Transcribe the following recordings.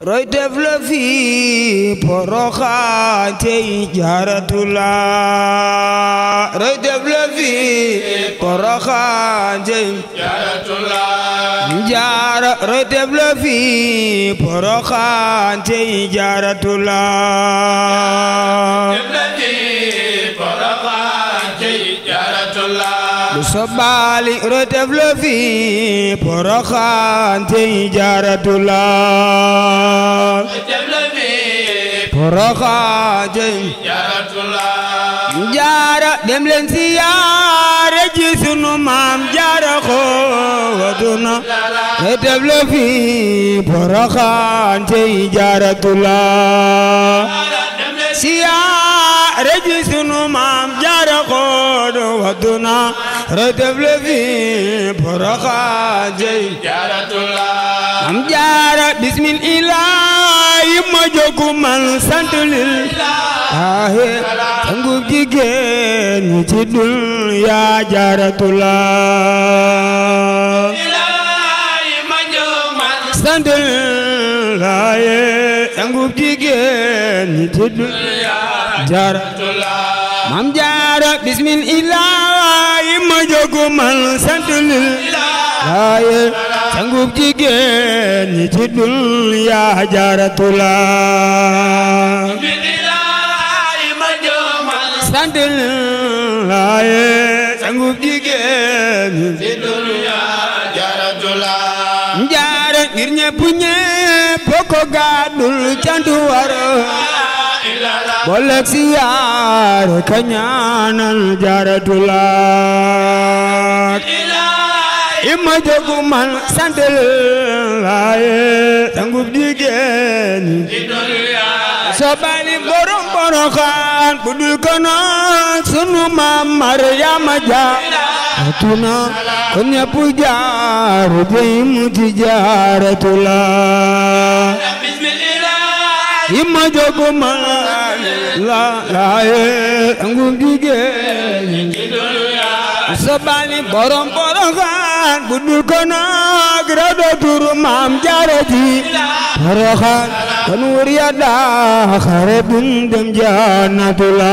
roy teef la fi poroxaan tey jaaratula lu sobaali rotef la fi poroxaan tey jaaratu la poroxaan tey jaaratu sunu maam jaara xoowatuna رتب لفي برخا جي جارة الله أم جارة بسم الإله ما جوكو من سنت لله تنقو جيجين في الدنيا جارة الله sant laaye sangu jigéen ñi tudd jaara mam jaara bismillaahi ma jógu man sant lil laaye sangub jigéen ñi ci dul yaa jaaratulaa bismillaahi ma jógu man sant lil laaye sangub jigéen ñi ci dul yaa jaaratulaa njaara ngir ñépp ñépp ko gaadul cantu war boolek siyaar ka ñaanal jaaratu laa ima jogu man sant laaye tangub jigéen sobali borom boroxaan bu dul kono sunu maam Maryaama ja atuna kon ñépp jaaru dey mu ci jaaratu laa ima jogu man laaye ngu jigéen ñi sabani borom poroxaan bu dul ko maam jaare ji poroxaan kon wër ya daa xare bindam jaanatu la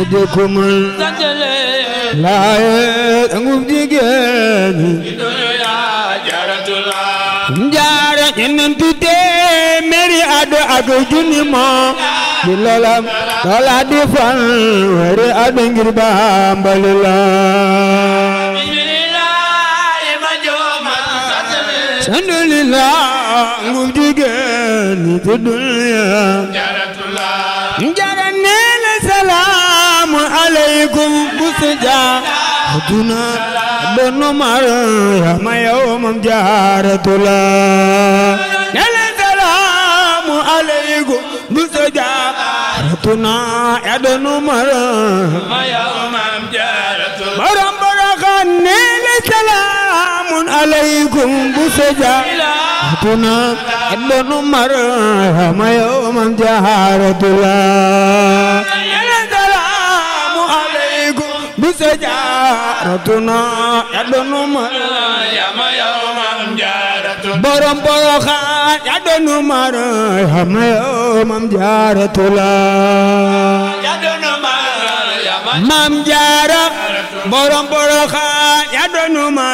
mu jëkkumal laaye angub jigéen njaara ñenantu téeméeri ado ak junni moo di loola loola di fanweeri ado ngir Bamba lila sandu lila angub jigéen fi dunya njaara عليكم بسجا خدنا بن مريم يوم جارت لا السلام عليكم بسجا خدنا بن مريم يوم جارت مرم برغني السلام عليكم بسجا خدنا بن مريم يوم جارت لا sëjaratuna yadonuma yama yomam jaaratu borom boroxaan yadonuma yama yomam jaaratula yadonuma mam jaara borom boroxaan yadonuma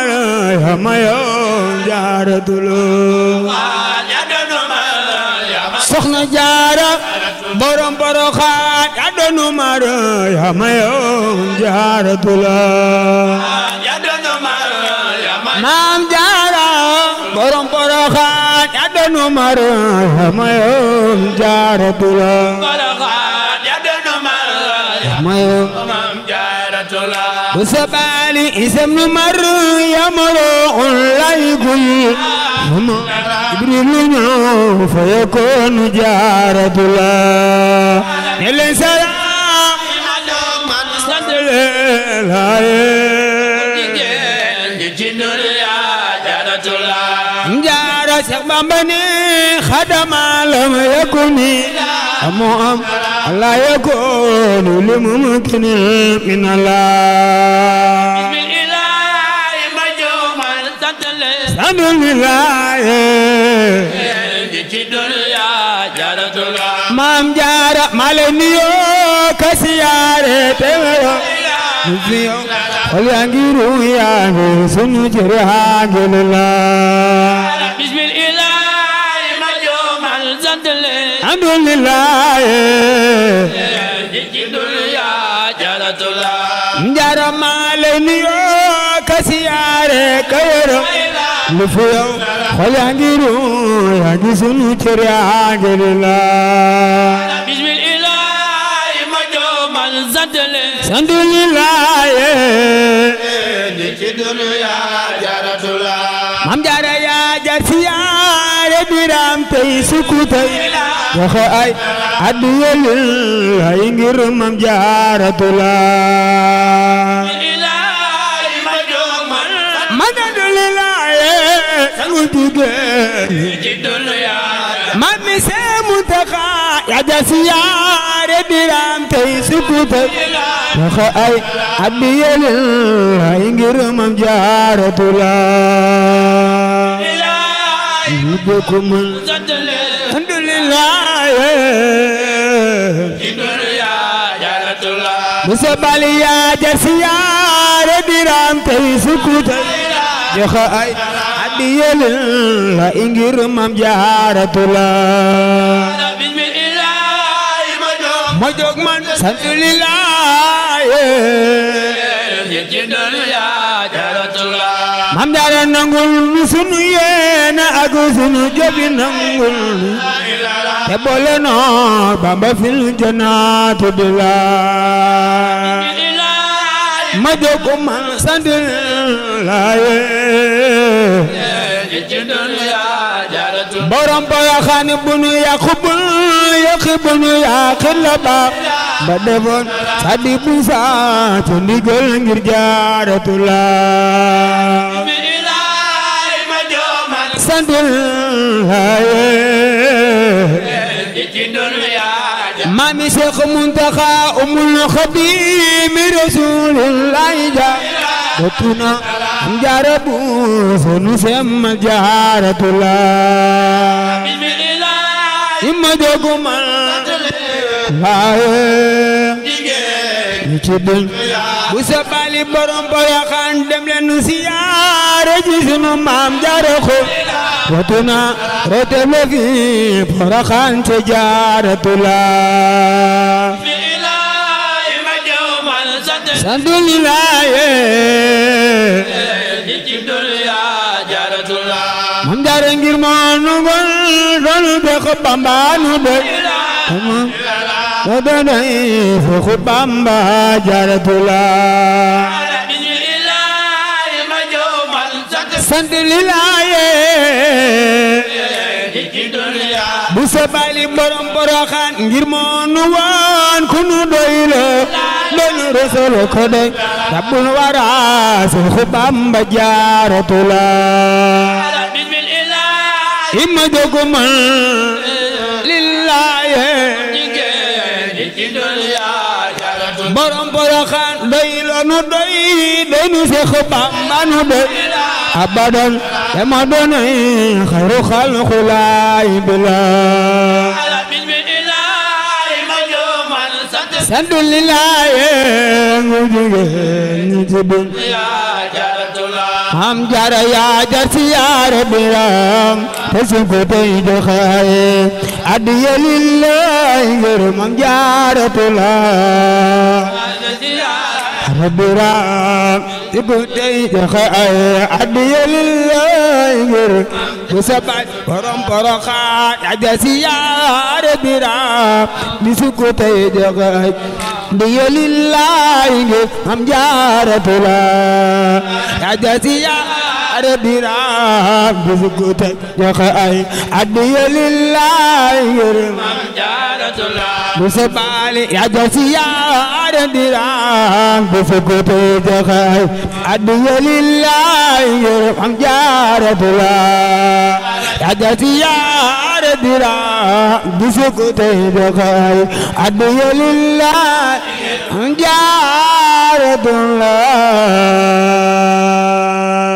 yama yom jaaratula soxna jaara borom boroxaan yadonu maro yamayo jaaratula yadonu maro yamayo maam jaara borom poroxaan yadonu maro yamayo jaaratula poroxaan yadonu maro yamayo maam jaaratula usabali isam maro yamaro unlaykum jibril ñoo fa yakonu jaaratula ne leen yaa Seex Bamba ni xadama lam yakuni amu am la yakunu li mumkinin min Allah sanul wilaaye maam jaara ma leen nuyoo ka siyaare te wero nuyoo xol yaa ngi ruuyaange sunu jëre haa ngi lilaa lu fi yow xol yaa ngi ruur yaa ngi sunu cër yaa ngi lillaay bismillaahi ma joomal sant leen sant lillaaye ni ci dunya jaratulaay mam jara yaa biram tey suku joxe ay addiya lay ngir mam jaaratu laa madadu lilaaye sangu jigéen mami see musabbal yaa jar siyaare biram tey sukkutal joxe ay addiya la ngir mam jaaratula ma jóg man sant lillaaye mam jaara nangul nu sunu yeena ak sunu jobi nangul te boole noor bamba fil janaatu di la ma jóg man sant laaye borom booy xaani bunu yaa xubul yokki bunu yaa xilla ba ba defoon sadi bu saa ci ndigal ngir jaaratu laa sant laa maami Seex Muntaxa umul xadiimi rasuulillaahi jaratuna am jarabu sunu semma jaratullah imma doguma laaye ñu ci dul bu sa bali borom boyaxaan dem leen nu siyaare ji sunu maam jara ko وتنا ردم في فرخان تجارة لا سند الله من دار غير ما نقول دون بخبام بانوب ودنا فخبام بجارة لا سند الله sa bali borom boroxaan ngir moo nu woon ku nu doy la doon rasulu ko doy rabbul wara Seexu Bamba jaaratu la imma jogu man lillaahi borom boroxaan doy la nu doy doy nu Seexu Bamba nu doy abadan كما بني خير خلق لا بلا sant lillahi ngu jigéen ñi ci bun am jara yaa jar si yaa rabbi ram te si ko tey joxaaye adiya lillahi ngërëm am jara tula rabbi ram si ko tey joxaaye adiya lillahi ngir bu sabat borom boroxa yaja siyaare biraam di sukku tey joxaaj di yelillaayi ngir am jaaratu la yaja siyaare daara diraam bisu guddi joxe ay addiya lillaay yërëm bu sa baali yaa josi yaara diraam bisu guddi joxe ay addiya lillaay yërëm am jaaratulaa yaa josi yaara diraam bisu guddi joxe ay addiya lillaay am jaaratulaa